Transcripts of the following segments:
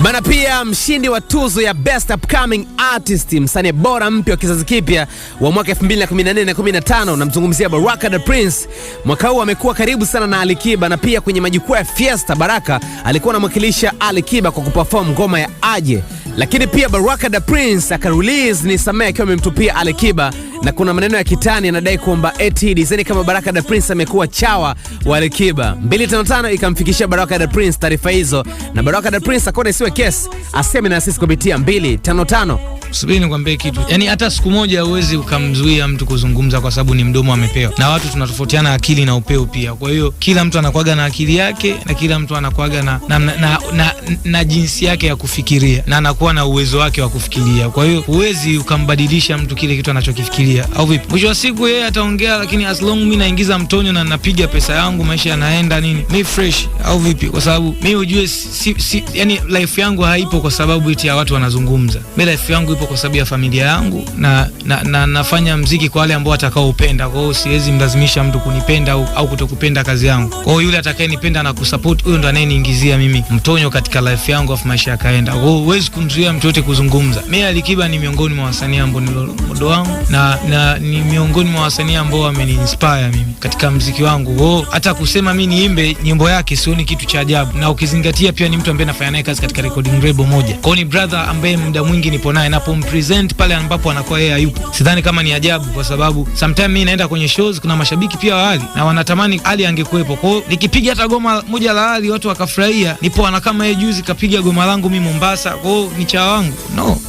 Ebana, eh, pia mshindi wa tuzo ya Best Upcoming Artist, msanii bora mpya wa kizazi kipya wa mwaka 2014 na 15, namzungumzia Baraka the Prince. Mwaka huu amekuwa karibu sana na Alikiba na pia kwenye majukwaa ya Fiesta, Baraka alikuwa anamwakilisha Alikiba kwa kuperform ngoma ya Aje lakini pia Baraka da Prince akarelease Nisamehe akiwa amemtupia Alikiba, na kuna maneno ya kitani yanadai kwamba eti eh, dizeni kama Baraka da Prince amekuwa chawa wa Alikiba. 255 ikamfikishia Baraka da Prince taarifa hizo, na Baraka da Prince akona isiwe kesi aseme na sisi kupitia 255 subiri nikwambie kitu, yani hata siku moja huwezi ukamzuia mtu kuzungumza kwa sababu ni mdomo amepewa, na watu tunatofautiana akili na upeo pia. Kwa hiyo kila mtu anakwaga na akili yake na kila mtu anakwaga na, na, na, na, na, na jinsi yake ya kufikiria na anakuwa na uwezo wake wa kufikiria. Kwa hiyo huwezi ukambadilisha mtu kile kitu anachokifikiria, au vipi? Mwisho wa siku yeye ataongea, lakini as long mi naingiza mtonyo na napiga pesa yangu, maisha yanaenda nini, mi fresh, au vipi? Kwa sababu mi ujue si, si, yani life yangu haipo kwa sababu eti ya watu wanazungumza, mi life yangu nipo kwa sababu ya familia yangu na, na, na nafanya mziki kwa wale ambao watakaoupenda. Kwa hiyo siwezi mlazimisha mtu kunipenda au, au kutokupenda kazi yangu. Kwa hiyo yule atakayenipenda na kusupport, huyo ndo anayeniingizia mimi mtonyo katika life yangu afu maisha yakaenda. Kwa hiyo huwezi kumzuia mtu yote kuzungumza. Mimi Alikiba ni miongoni mwa wasanii ambao ni modo wangu na, na ni miongoni mwa wasanii ambao wameniinspire mimi katika mziki wangu. Kwa hiyo hata kusema mimi niimbe nyimbo yake sioni kitu cha ajabu, na ukizingatia pia ni mtu ambaye nafanya naye kazi katika recording label moja. Kwa hiyo ni brother ambaye muda mwingi nipo naye napo kumpresent pale ambapo anakuwa yeye hayupo. Sidhani kama ni ajabu, kwa sababu sometime mimi naenda kwenye shows, kuna mashabiki pia wa Ali na wanatamani Ali angekuwepo. kwao nikipiga hata goma moja la Ali watu wakafurahia, nipo ana kama yeye juzi kapiga goma langu mimi Mombasa, kwao ni cha wangu no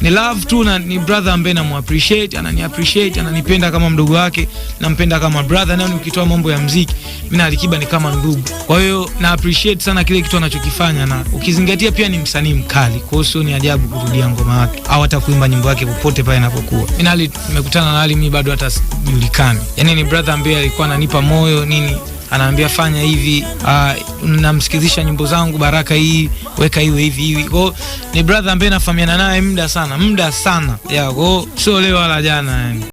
ni love tu na ni brother ambaye namu appreciate, anani appreciate, ananipenda kama mdogo wake, nampenda kama brother, na nikitoa mambo ya muziki mimi na Alikiba ni kama ndugu. Kwa hiyo na appreciate sana kile kitu anachokifanya, na ukizingatia pia ni msanii mkali, kwa hiyo sio ni ajabu kurudia ngoma yake au hata kuimba nyimbo yake popote pale inapokuwa. Mimi na Ali nimekutana na Ali, mimi bado hata sijulikani, yani ni brother ambaye alikuwa ananipa moyo nini anaambia fanya hivi, uh, namsikizisha nyimbo zangu Baraka hii, weka iwe hivi hivi. Kwao ni brother ambaye nafahamiana naye muda sana muda sana ya kwao, sio leo wala jana yani.